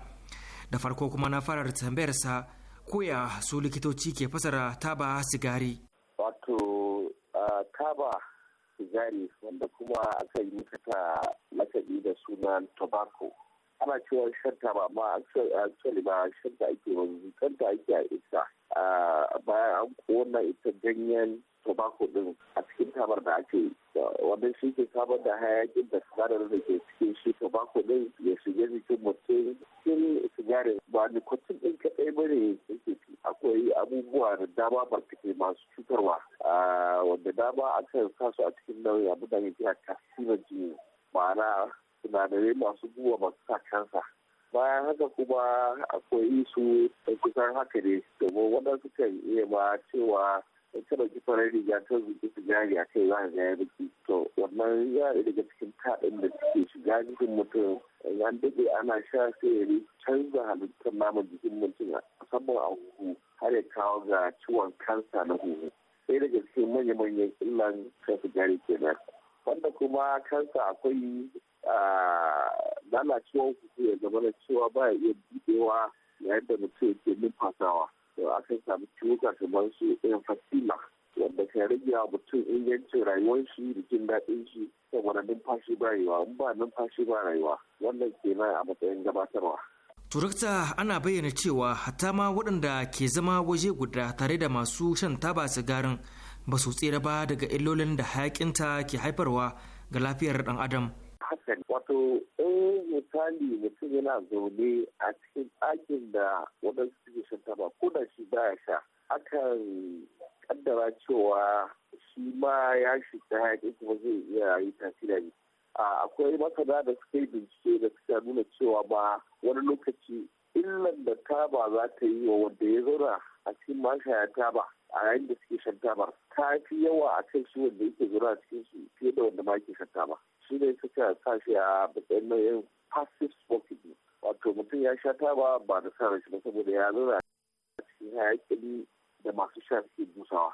Speaker 4: Da farko kuma na fara da tambayarsa koya su likitoci ke fasara taba sigari.
Speaker 8: Wato taba sigari wanda kuma aka yi mata lakabi da sunan tobacco. ana cewa shanta ba ma actually ba shanta ake wanzu shanta ake a isa. bayan an kowanne ita ganyen tobacco din a cikin tabar da ake wanda shi ke samar da hayakin da sigarar da ke cikin shi tobacco din ya shige jikin mutum cikin sigarin ba nikotin din kaɗai ba ne akwai abubuwa da dama barkatai masu cutarwa wanda dama akan sa su a cikin nauyi abu da ya kira a jini ma'ana sinadarai masu guba masu sa kansa bayan haka kuma akwai su da kusan haka ne domin waɗansu kan iya ba cewa in ka ɗauki farar riga ta su sigari a kai za ka ga biki to wannan ya daga cikin taɗin da suke shiga jikin mutum an daɗe ana sha sai ya canza halittar naman jikin mutum musamman a huhu har ya kawo ga ciwon kansa na huhu Sai daga cikin manya-manyan illan kan jari kenan wanda kuma kansa akwai lalacewar hukuku ya zama na cewa ba ya iya buɗewa yayin da mutum yake numfasawa to a kan samu ciwuka kamar su irin fasila wanda kan rage wa mutum ingancin rayuwar shi da jin daɗin shi saboda numfashi ba rayuwa in ba numfashi ba rayuwa wannan ke na a matsayin gabatarwa.
Speaker 4: turakta ana bayyana cewa hatta ma waɗanda ke zama waje guda tare da masu shan taba sigarin ba su tsira ba daga illolin da hayakinta ke haifarwa ga lafiyar ɗan
Speaker 9: adam
Speaker 8: hassan wato ɗaya eh, misali mutum yana zaune a cikin ɗakin da waɗansu suke shan taba ko da shi baya sha akan kaddara cewa shi ma ya shiga hayaƙi kuma zai iya yi tasiri ne akwai masana da suka yi bincike da suka nuna cewa ba wani lokaci illan da taba za ta yi wa wanda ya zauna a cikin mashaya taba a yayin da suke shan taba ta fi yawa a kan shi wanda yake zauna a cikin shi fiye da wanda ma yake shan taba. su ne suka sa shi a matsayin nau'in passive smoking wato mutum ya sha taba ba da sa shi ba saboda ya zura a cikin hayakin da masu sha suke busawa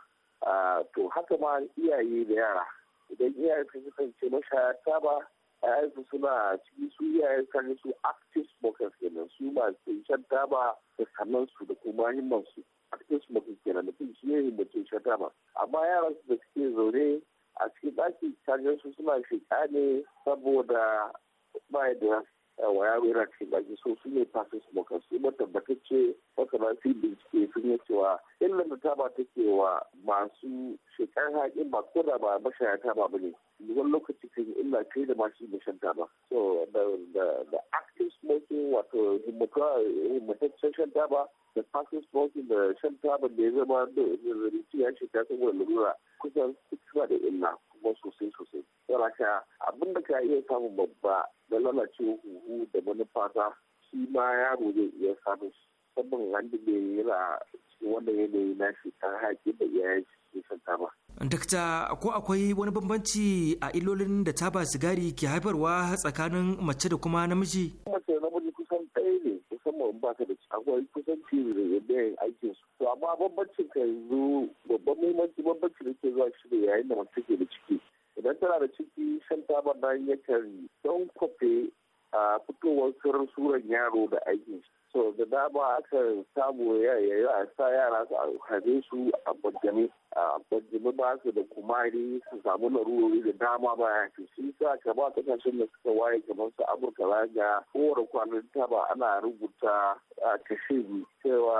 Speaker 8: to haka ma iyaye da yara idan iyaye sun kasance mashaya taba yayansu suna cikin su iyaye kan su active smokers kenan su masu sha taba da sannan da kuma himman su active smokers kenan mutum shi ne mutum sha taba amma yaran su da suke zaune a cikin ɗaki kaga su suna shiga ne saboda ba da eh, waya yaro yana cikin ɗaki so su ne fasin su kuma tabbatacce masana su bincike sun yi cewa illar da taba take wa masu shekar haƙin ba ko da ba mashaya taba ba ne wani lokaci kan illa kai da masu mashan taba so da active smoking wato eh, himmataccen shan taba da fatan smoking da shan tabar da ya zama da zazzabin ya shiga saboda lura kusan suna da illa kuma sosai sosai saboda abin da ka iya samun babba da lalace huhu da manufa shi ma yaro zai iya samun saboda wanda bai yana cikin wannan yanayi na shi ta haƙi da iyayen shi ke
Speaker 4: taba. Dakta ko akwai wani bambanci a ilolin da taba sigari ke haifarwa tsakanin mace da kuma namiji? Mace da
Speaker 8: namiji kusan ɗaya ne musamman ba ta da akwai kusan da yadda aikin su. To amma bambancin ka yanzu babban muhimmanci bambanci da ke zuwa shi ne yayin da mace ke da ciki. Idan tana da ciki shan taba nan yakan don kwafe a fitowar sirrin suran yaro da aikin shi. so da dama aka samu yayi a sa yara su haɗe su a bajjame a bajjame ba su da kumari su samu larurori da dama ba ya fi shi sa ka ba kasashen da suka waye kamar su amurka za ga kowar kwanan ba ana rubuta a kashe cewa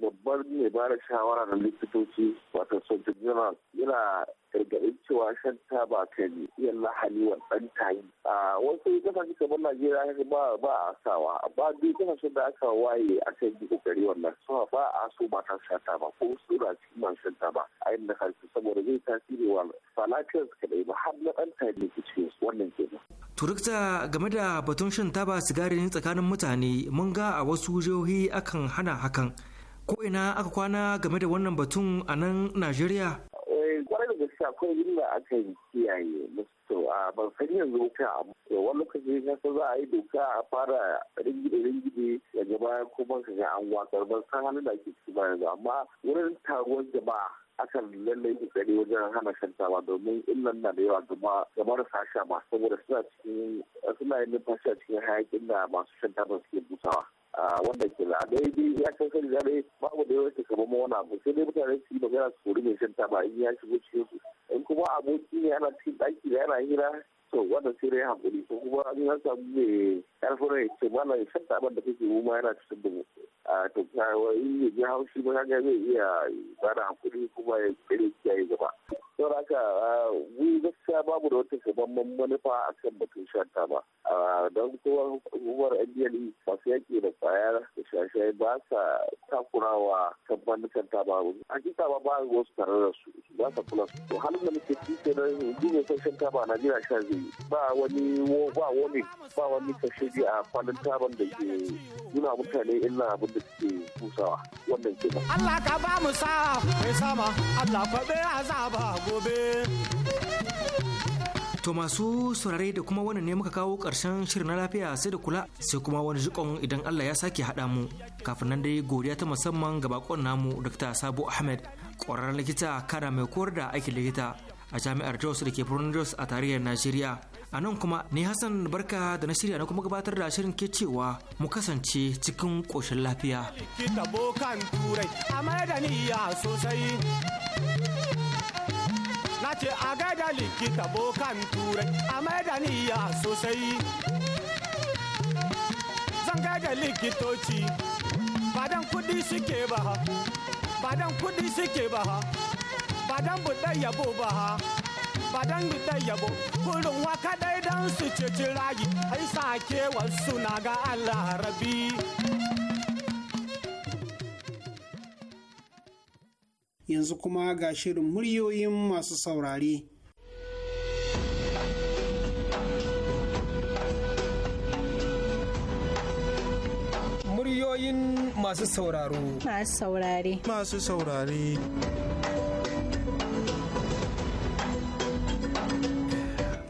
Speaker 8: babbar mai ba da shawara na likitoci wato sojin general yana gargaɗin cewa shan taba kan iya lahani wa ɗan tayi a wasu kasashe kamar najeriya ba ba a sawa ba duk kasashen da aka waye kan yi ƙoƙari wannan so ba a so ta sha taba ko su na cikin masu shan taba a inda kansu saboda zai tasiri wa falafiyar su kaɗai ba har na ɗan tayi ne cikin wannan kenan.
Speaker 4: turukta game da batun shan taba sigari tsakanin mutane mun ga a wasu jihohi akan hana hakan ko ina aka kwana game da wannan batun a nan najeriya
Speaker 8: eh, kwarai da gaske akwai da aka yi kiyaye to a ban san yanzu ka abu wani lokaci ka san za a yi doka a fara ringide ringide daga baya kuma ka ga an wakar ban san hannun da ake ciki ba yanzu amma wurin taruwar jama'a akan lallai tsari wajen hana shan taba domin illan na da yawa gama ga marasa sha ma saboda suna cikin suna yin numfashi a cikin hayakin da masu shan taba suke busawa. wanda ke da daidai ya kan kan zaɓe babu da yawanci ka ma wani abu sai dai mutane su yi magana su kori mai shan taba in ya shigo cikin su in kuma aboki ne yana cikin ɗaki da yana hira to wannan sai dai hakuri ko kuma an yi samu mai karfin rai ce mana ya san abin da kake mu ma yana cikin da mu a to in ya ji haushi ba ga zai iya ba da hakuri kuma ya kare kiyaye gaba don haka mu gaskiya babu da wata gaban manufa a kan batun shan taba don kuma hukumar ndl e masu yaƙi da kwayar da shashai ba sa takurawa kamfanin shan taba hakika ba ba wasu tare da su ba sa kula to halin da muke cikin yi ne shan ba na jira shan zai ba wani ba wani ba wani a kwanan taron da ke nuna mutane illa abin da suke kusawa wannan kenan
Speaker 7: Allah ka ba mu sa mai sama Allah ka bai azaba gobe
Speaker 4: To masu saurare da kuma wannan ne muka kawo ƙarshen shirin na lafiya sai da kula sai kuma wani jikon idan Allah ya sake haɗa mu. Kafin nan dai godiya ta musamman ga bakon namu Dr. sabu Ahmed ƙwararren likita kana mai koyar da aikin likita. a jami'ar Jos da ke birnin Jos a tarayyar Najeriya. A nan kuma ni Hassan Barka da na shirya na kuma gabatar da shirin ke cewa mu kasance cikin ƙoshin lafiya.
Speaker 7: Likita bokan turai da Na ce a likita bokan turai a da sosai. Zan likitoci badan kudi suke ba ha, badan kudi suke ba ha. ba dan buɗe yabo ba ha ba dan buɗe yabo kurin wa kadai dan su ceci rayi ai sake wasu na ga Allah rabi
Speaker 1: yanzu kuma ga shirin muryoyin masu saurare muryoyin
Speaker 4: masu sauraro.
Speaker 3: Masu saurare.
Speaker 4: Masu saurare.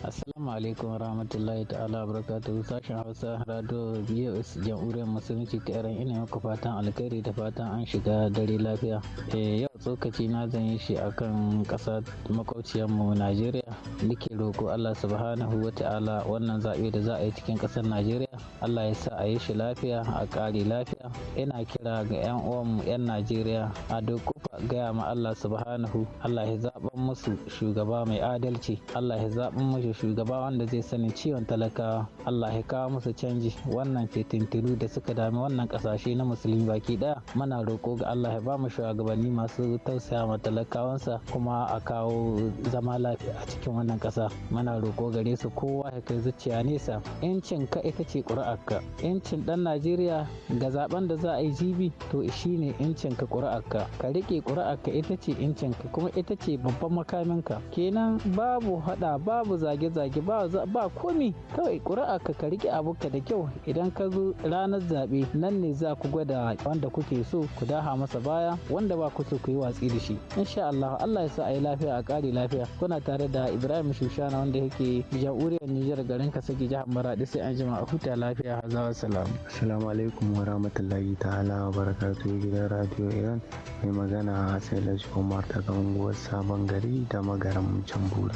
Speaker 10: Assalamu alaikum rahmatullahi ta'ala barakatuh sashen Hausa Radio BOS Jamhuriyar Musulunci ta ina muku fatan alkhairi da fatan an shiga dare lafiya. Eh, yau tsokaci na zan yi shi akan ƙasa makwabciyarmu Najeriya nake roko Allah subhanahu wa ta'ala wannan zaɓe da za a yi cikin ƙasar Najeriya Allah ya sa a yi shi lafiya a ƙari lafiya ina kira ga 'yan uwanmu 'yan Najeriya a duk gaya ma Allah subhanahu Allah ya zaɓa musu shugaba mai adalci Allah ya zaɓa musu shugaba wanda zai sani ciwon talakawa Allah ya kawo musu canji wannan ke da suka dami wannan kasashe na musulmi baki daya muna roko ga Allah ya ba mu shugabanni masu tausaya ma talakawansa kuma a kawo zama lafiya a cikin wannan kasa muna roko gare su kowa ya kai zuciya nesa incin ka ita ce ƙuri'arka yancin dan Najeriya ga zaben da za a yi jibi to shine yancin ka ƙuri'arka ka rike ƙuri'arka ita ce yancin ka kuma ita ce babban makamin ka kenan babu hada babu zagi zage-zage ba komi kawai ƙuri'a ka ka riƙe ka da kyau idan ka zo ranar zaɓe nan ne za ku gwada wanda kuke so ku daha masa baya wanda ba ku so ku yi watsi da shi insha Allah Allah ya sa a yi lafiya a ƙari lafiya kuna tare da Ibrahim Shushana wanda yake jamhuriyar Nijar garin sake jihar Maradi sai an jima a huta lafiya hazawa salam
Speaker 11: assalamu alaikum wa rahmatullahi ta'ala wa barakatuhu gidan radio Iran mai magana Hassan Lashi Umar daga unguwar Sabon Gari da magaran can Bure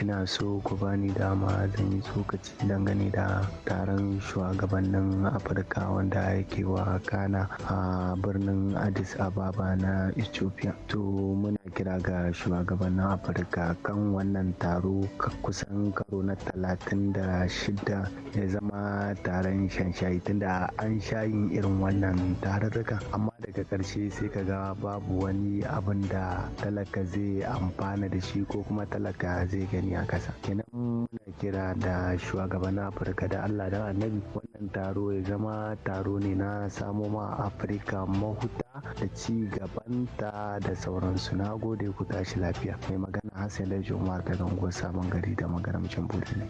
Speaker 11: ina so ku bani dama zan yi tsokaci dangane da taron shugabannin afirka wanda yake wa kana a birnin addis ababa na ethiopia to muna kira ga shugabannin afirka kan wannan taro kusan karo na talatin da shida ya zama taron shanshayi tunda an shayin irin wannan tarurruka amma daga ƙarshe sai ka ga babu wani abin da talaka zai amfana da shi ko kuma talaka zai gani a kasa. kenan muna kira da shugaban afirka da allah da annabi wannan taro ya zama taro ne na samo ma afirka mahuta da ci gabanta da sauransu na gode ku tashi lafiya mai magana hassan da umar sabon gari da magaramcin ne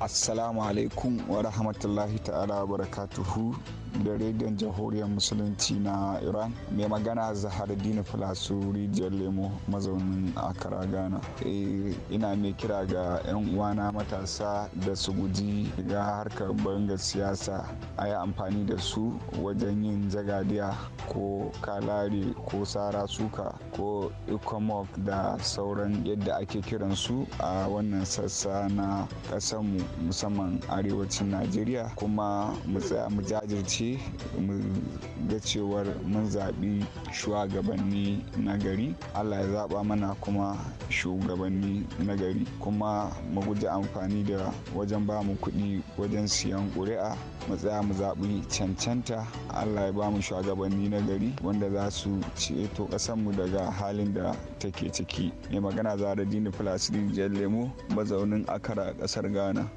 Speaker 12: assalamu alaikum wa rahmatullahi ta'ala wa barakatuhu da rediyon jamhuriyar musulunci na iran mai magana zahar dina filasu rijiyar lemo mazaunin akara ghana eh, ina mai kira ga 'yan uwana matasa da su guji ga harkar bangar siyasa a yi amfani da su wajen yin zagadiya ko caralho. ko sara suka ko ecomog da sauran yadda ake kiransu a wannan sassa na kasanmu musamman arewacin najeriya kuma mu tsaya mu jajirce mu ga cewar mun zaɓi shugabanni na gari allah ya zaɓa mana kuma shugabanni na gari kuma mu guji amfani da wajen ba mu kuɗi wajen siyan ƙuri'a mu tsaya mu zaɓi cancanta allah ya ba mu shugabanni na gari wanda za su ceto mu daga halin da take ciki mai magana zara dini filasiri jiyar lemu mazaunin akara a ƙasar ghana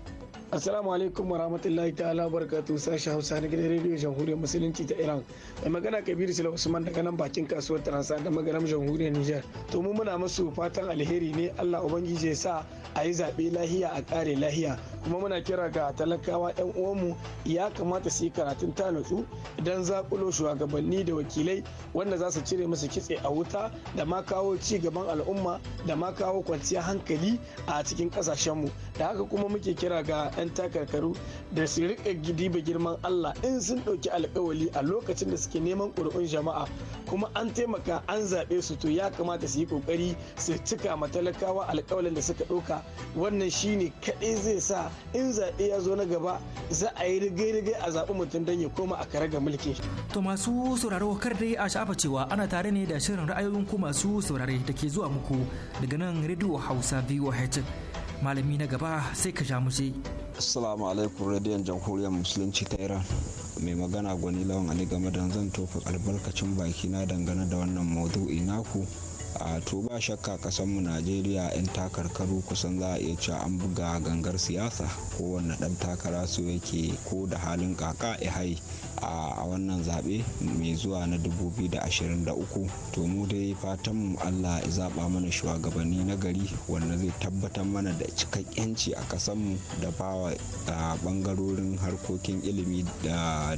Speaker 6: Assalamu alaikum wa rahmatullahi ta'ala barakatuhu sashi Hausa na gidan rediyo Jamhuriyar Musulunci ta Iran. Mai magana Kabiru Sula Usman daga nan bakin kasuwar Taransa da maganar Jamhuriyar Nijar. To mu muna masu fatan alheri ne Allah ubangiji ya sa a yi zaɓe lahiya a ƙare lahiya. Kuma muna kira ga talakawa 'yan uwanmu ya kamata su yi karatun ta natsu idan zakulo shugabanni da wakilai wanda za su cire masu kitse a wuta da ma kawo ci gaban al'umma da ma kawo kwanciyar hankali a cikin ƙasashenmu. da haka kuma muke kira ga 'yan takarkaru da su riƙa ba girman Allah in sun ɗauki alkawali a lokacin da suke neman ƙuri'un jama'a kuma an taimaka an zaɓe su to ya kamata su yi ƙoƙari su cika ma talakawa alkawalin da suka ɗauka wannan shine kaɗai zai sa in zaɓe ya zo na gaba za a yi rigai-rigai a zaɓi mutum don ya koma a kare ga mulki. To masu sauraro
Speaker 4: kar dai a sha'afa cewa ana tare ne da shirin ra'ayoyin ku masu saurare da ke zuwa muku daga nan rediyo Hausa VOH. malami na gaba sai ka ja mu je
Speaker 13: assalamu alaikum radiyon jamhuriyar musulunci ta iran mai magana gwani lawan ali game da zan tofa albarkacin baki na dangane da wannan maudu'i naku a to ba shakka kasanmu najeriya 'yan takarkaru kusan za a iya cewa an buga gangar siyasa kowanne dan takara su yake ko da halin kaka hai a wannan zaɓe mai zuwa na 2023 to mu dai fatan mu allah ya zaɓa mana shugabanni na gari wanda zai tabbatar mana da cikakkenci a kasanmu da bawa bangarorin harkokin ilimi da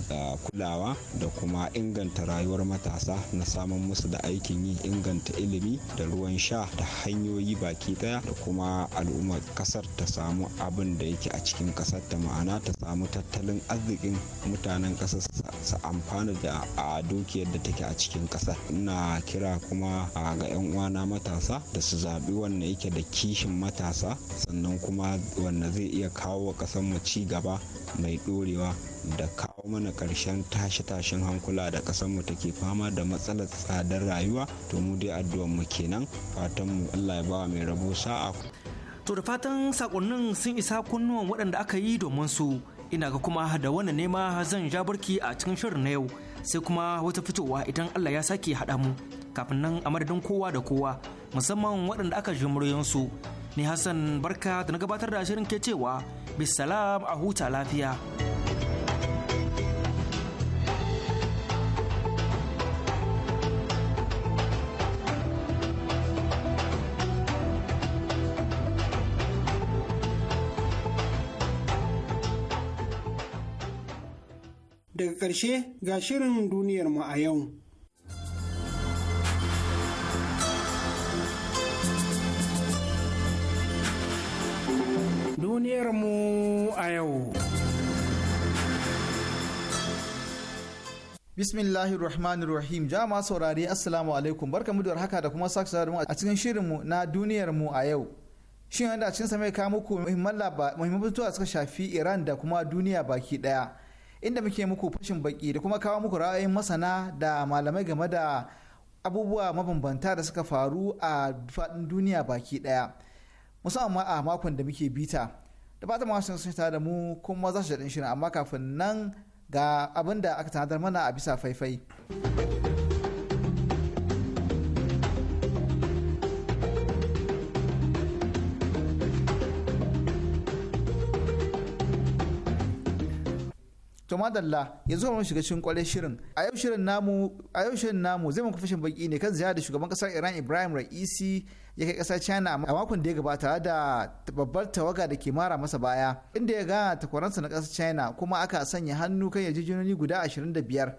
Speaker 13: kulawa da kuma inganta rayuwar matasa na samun musu da aikin yi inganta ilimi ilimi da ruwan sha da hanyoyi baki daya da kuma al'ummar kasar ta samu abin da yake a cikin kasar ta ma'ana ta samu tattalin arzikin mutanen kasar su amfana da a dukiyar da take a cikin kasar ina kira kuma ga 'yan uwana matasa da su zaɓi wanda yake da kishin matasa sannan kuma wanda zai iya kawo wa kasar mu ci gaba mai ɗorewa da kawo mana karshen tashe-tashen hankula da ƙasar mu take fama da matsalar tsadar rayuwa to mu dai addu'ar mu kenan fatan mu Allah ya ba mai
Speaker 4: rabo sa'a to da fatan sakonnin sun isa kunnuwan waɗanda aka yi domin su ina ga kuma da wannan nema zan ja barki a cikin shirin na yau sai kuma wata fitowa idan Allah ya sake haɗa mu kafin nan a madadin kowa da kowa musamman waɗanda aka ji su ni Hassan barka da na gabatar da shirin ke cewa bisalam a huta lafiya.
Speaker 1: daga karshe ga shirin duniyarmu a yau
Speaker 2: duniyarmu a yau Bismillahir Rahmanir Rahim. Jama'a saurare Assalamu alaikum. Barkamu da haka da kuma sake saurare mu a cikin shirinmu na duniyar mu a yau. Shin a cikin sa mai kawo muku muhimman muhimman batutuwa suka shafi Iran da kuma duniya baki daya. inda muke muku fashin baki da kuma kawo muku ra'ayin masana da malamai game da abubuwa mabambanta da suka faru a faɗin duniya baki ɗaya musamman a makon da muke bita da fatan masu sun tare da mu kuma za su jaɗin shirin amma kafin nan ga abin da aka tanadar mana a bisa faifai. madalla ya zo mun shiga cikin kwale shirin a yau shirin namu a yau shirin namu zai muku fashin baki ne kan ziyarar shugaban kasar Iran Ibrahim Raisi ya kai kasar China a makon da ya gabata da babbar tawaga da ke mara masa baya inda ya ga takwaransa na kasar China kuma aka sanya hannu kan yarjejeniyoyi guda 25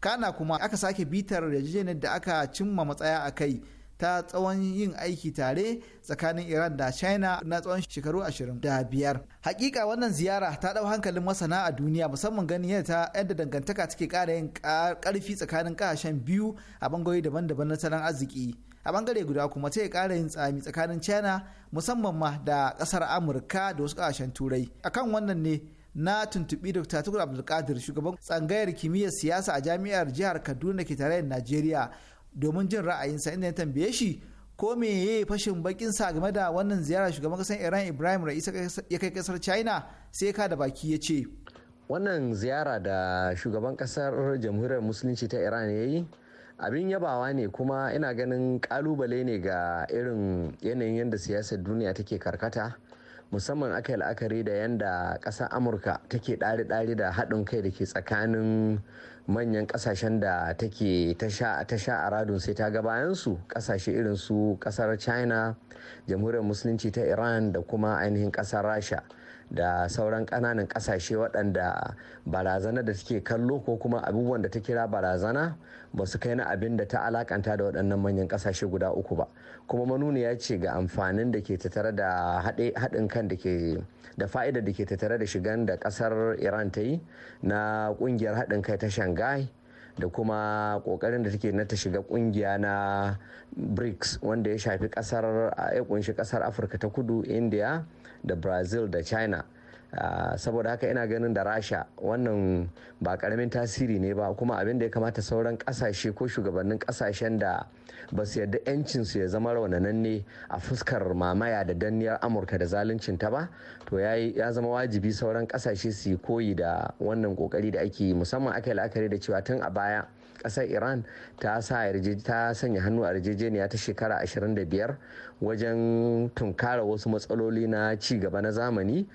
Speaker 2: kana kuma aka sake bitar yarjejeniyar da aka cimma matsaya a kai ta tsawon yin aiki tare tsakanin Iran da China na tsawon shekaru ashirin da biyar. Hakika wannan ziyara ta ɗau hankalin masana a duniya musamman ganin yadda yadda dangantaka take ƙara yin karfi tsakanin ƙasashen biyu a bangare daban-daban na tattalin arziki. A bangare guda kuma ta ƙara yin tsami tsakanin China musamman ma da kasar Amurka da wasu ƙasashen Turai. Akan wannan ne na tuntuɓi Dr. Tukur Abdulkadir shugaban tsangayar kimiyyar siyasa a jami'ar jihar Kaduna ke tarayyar Najeriya domin jin ra'ayinsa inda ya tambaye shi ko me ya fashin bakin sa game da wannan ziyara shugaban kasar iran ibrahim ra'isa ya kai kasar china sai ka da baki ya ce
Speaker 14: wannan ziyara da shugaban kasar jamhuriyar musulunci ta iran ya yi abin yabawa ne kuma ina ganin kalubale ne ga irin yanayin yadda siyasar duniya take karkata musamman aka yi la'akari da yadda ƙasar amurka take ɗari-ɗari da haɗin kai da ke tsakanin manyan ƙasashen da take ta sha a radun sai ta gabayansu ƙasashe irin su ƙasar china jamhuriyar musulunci ta iran da kuma ainihin ƙasar rasha da sauran kananan kasashe waɗanda barazana da suke kallo ko kuma abubuwan da ta kira barazana ba su kai na abin da ta alakanta da waɗannan manyan kasashe guda uku ba kuma manuniya ce ga amfanin da ke tattare da haɗin kan da ke da fa'ida da ke tattare da shigan da ƙasar iran ta yi na ƙungiyar haɗin kai ta shanghai da kuma ƙoƙarin da take na ta shiga ƙungiya na brics wanda ya shafi kasar ya ƙunshi ƙasar afirka ta kudu india da brazil da china ah, saboda haka ina ganin da rasha wannan ba karamin tasiri ne ba kuma abin da ya kamata sauran kasashe ko shugabannin kasashen da ba su yarda yancinsu ya zama raunanan ne a fuskar mamaya da danniyar amurka da zaluncin ta ba to ya zama wajibi sauran kasashe su yi koyi da wannan kokari da ake musamman aka yi la'akari da cewa tun a baya kasar iran ta sanya hannu a yarjejeniya ta shekara 25 wajen tunkara wasu matsaloli na ci gaba na zamani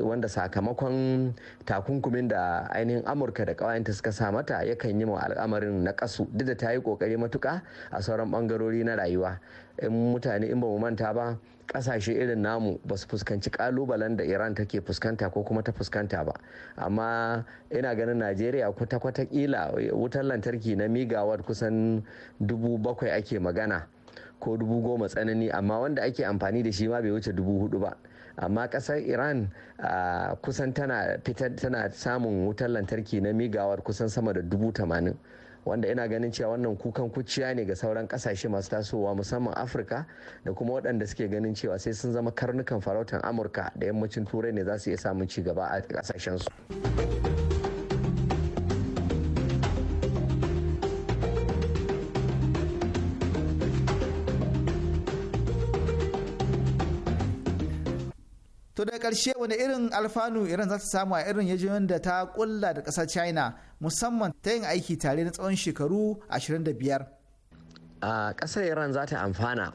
Speaker 14: wanda sakamakon takunkumin da ainihin amurka da kawayenta suka sa mata yakan yi wa al'amarin na kasu duk da ta yi kokari matuka a sauran bangarori na rayuwa in mutane in ba mu manta ba kasashe irin namu ba su fuskanci kalubalen da iran take fuskanta ko kuma ta fuskanta ba amma ina ganin najeriya kwata kwata kila eh, wutar lantarki na migawar kusan dubu bakwai ake magana ko dubu goma tsanani amma wanda ake amfani da shi ma bai wuce dubu hudu ba amma kasar iran ah, kusan tana samun wutar lantarki na migawar kusan sama da dubu tamanin wanda ina ganin cewa wannan kukan kuciya ne ga sauran kasashe masu tasowa musamman afirka da kuma waɗanda suke ganin cewa sai sun zama karnukan farautan amurka da yammacin turai ne za su iya samun ci gaba a kasashensu. su
Speaker 2: karshe wani irin alfanu iran za ta samu a irin yajin da ta kulla da ƙasar china musamman ta yin aiki tare na tsawon shekaru
Speaker 14: 25 a ƙasar iran za ta amfana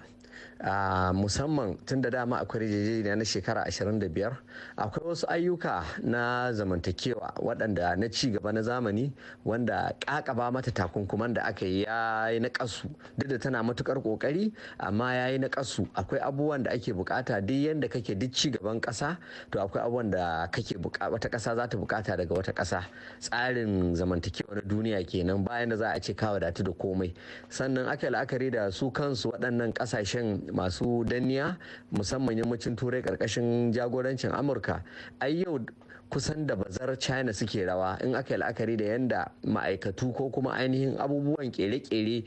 Speaker 14: musamman tun da dama akwai yarjejeniya na shekara 25 akwai wasu ayyuka na zamantakewa waɗanda na ci gaba na zamani wanda ƙaƙaba mata takunkuman da aka yi ya yi na ƙasu duk da tana matukar ƙoƙari amma ya yi na ƙasu akwai abubuwan da ake bukata duk yadda kake duk ci gaban ƙasa to akwai abubuwan da kake wata ƙasa za ta bukata daga wata ƙasa tsarin zamantakewa na duniya kenan bayan da za a ce ka wadati da komai sannan aka la'akari da su kansu waɗannan ƙasashen masu danniya musamman yammacin turai karkashin jagorancin amurka ai yau kusan da bazar china suke rawa in aka yi la'akari da yadda ma'aikatu ko kuma ainihin abubuwan kere-kere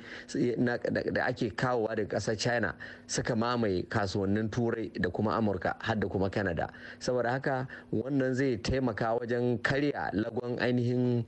Speaker 14: da ake kawowa daga ƙasar china suka mamaye kasuwannin turai da kuma amurka har da kuma canada saboda haka wannan zai taimaka wajen karya lagon ainihin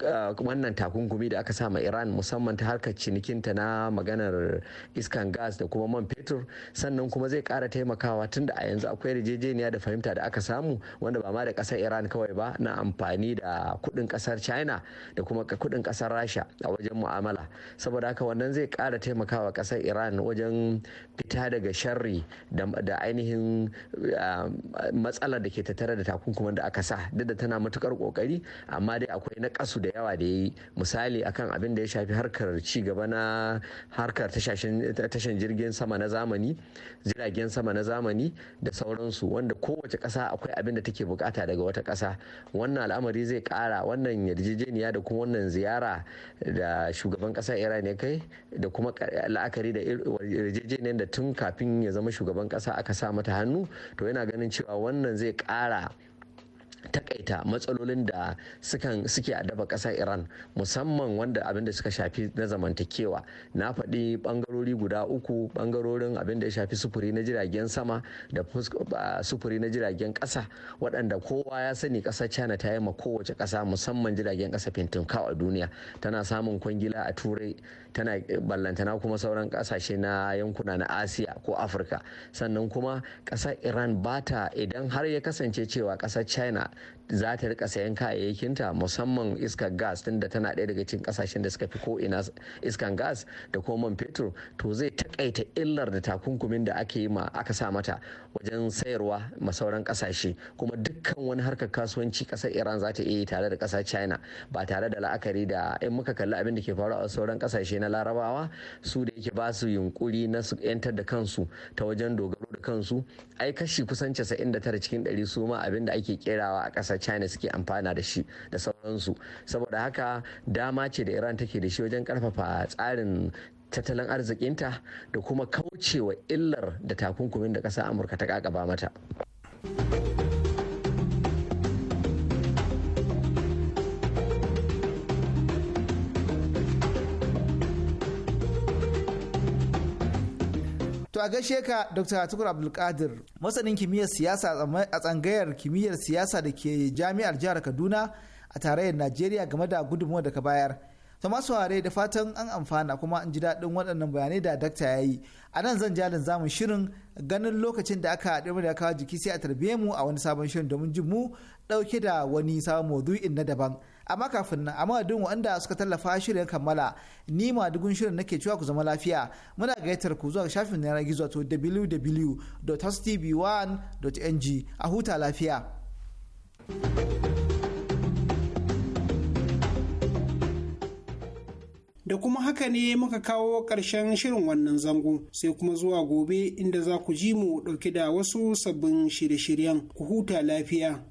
Speaker 14: Ah, wannan takunkumi da aka sama iran musamman ta harkar cinikinta na maganar iskan gas da kuma man fetur sannan kuma zai kara taimakawa tunda a yanzu akwai yarjejeniya da fahimta da aka samu wanda ba ma da kasar iran kawai ba na amfani da kudin kasar china da kuma kudin kasar rasha a wajen mu'amala saboda haka wannan zai kara taimakawa kasar iran wajen fita daga sharri da ainihin ah, matsalar da ke tattare da takunkuman da aka sa duk da tana matukar kokari amma dai akwai na na kasu da yawa da ya yi misali akan abin da ya shafi harkar ci gaba na harkar tashan jirgin sama na zamani jiragen sama na zamani da sauransu wanda kowace kasa akwai abin da take bukata daga wata kasa wannan al'amari zai kara wannan yarjejeniya da kuma wannan ziyara da shugaban kasar iran ya kai da kuma la'akari da yarjejeniyar da tun kafin ya zama shugaban ƙasa aka sa mata hannu to yana ganin cewa wannan zai kara takaita matsalolin da sukan suke adaba ƙasar iran musamman wanda abin da suka shafi na zamantakewa na faɗi ɓangarori guda uku ɓangarorin abin da ya shafi sufuri na jiragen sama da sufuri na jiragen ƙasa waɗanda kowa ya sani ƙasar china ta yi ma kowace ƙasa musamman jiragen ƙasa a duniya tana samun kwangila a turai tana ballantana kuma sauran ƙasashe na yankuna na asiya ko afirka sannan kuma ƙasar iran bata idan har ya kasance cewa ƙasar china that za ta rika sayan kayayyakinta musamman iskar gas tunda tana ɗaya daga cikin kasashen da suka fi ko ina iskan gas da kuma man fetur to zai takaita illar da takunkumin da ake yi ma aka sa mata wajen sayarwa ma sauran kasashe kuma dukkan wani harkar kasuwanci kasar iran za ta iya tare da kasar china ba tare da la'akari da in muka kalli abin da ke faruwa a sauran kasashe na larabawa su da yake ba su yunkuri na su 'yantar da kansu ta wajen dogaro da kansu ai kashi kusan 99 cikin 100 su ma abin da ake kerawa a kasar china suke amfana da shi da sauransu saboda haka dama ce da iran take da shi wajen karfafa tsarin tattalin arzikinta da kuma kaucewa illar da takunkumin da ƙasa amurka ta kakaba mata.
Speaker 2: To a gaishe ka Dr. Tukur Abdulkadir, masanin kimiyyar siyasa a tsangayar kimiyyar siyasa da ke jami'ar jihar Kaduna a tarayyar Najeriya game da gudunmuwa da ka bayar. ta masu ware da fatan an amfana kuma an ji daɗin waɗannan bayanai da dakta ya yi. A nan zan jalin zamun shirin ganin lokacin da aka ɗirma da kawo jiki sai a tarbiyyar mu a wani sabon shirin domin jin mu ɗauke da wani sabon maudu'in na daban. amma kafin nan amma duk wanda suka tallafa shirin kammala ni ma dugun shirin nake cewa ku zama lafiya muna gayyatar ku zuwa shafin yanar gizo to wwwtv 1ng a huta lafiya da kuma
Speaker 1: haka ne muka kawo ƙarshen shirin wannan zango sai kuma zuwa gobe inda za ku ji mu ɗauke da wasu sabbin shirye-shiryen ku huta lafiya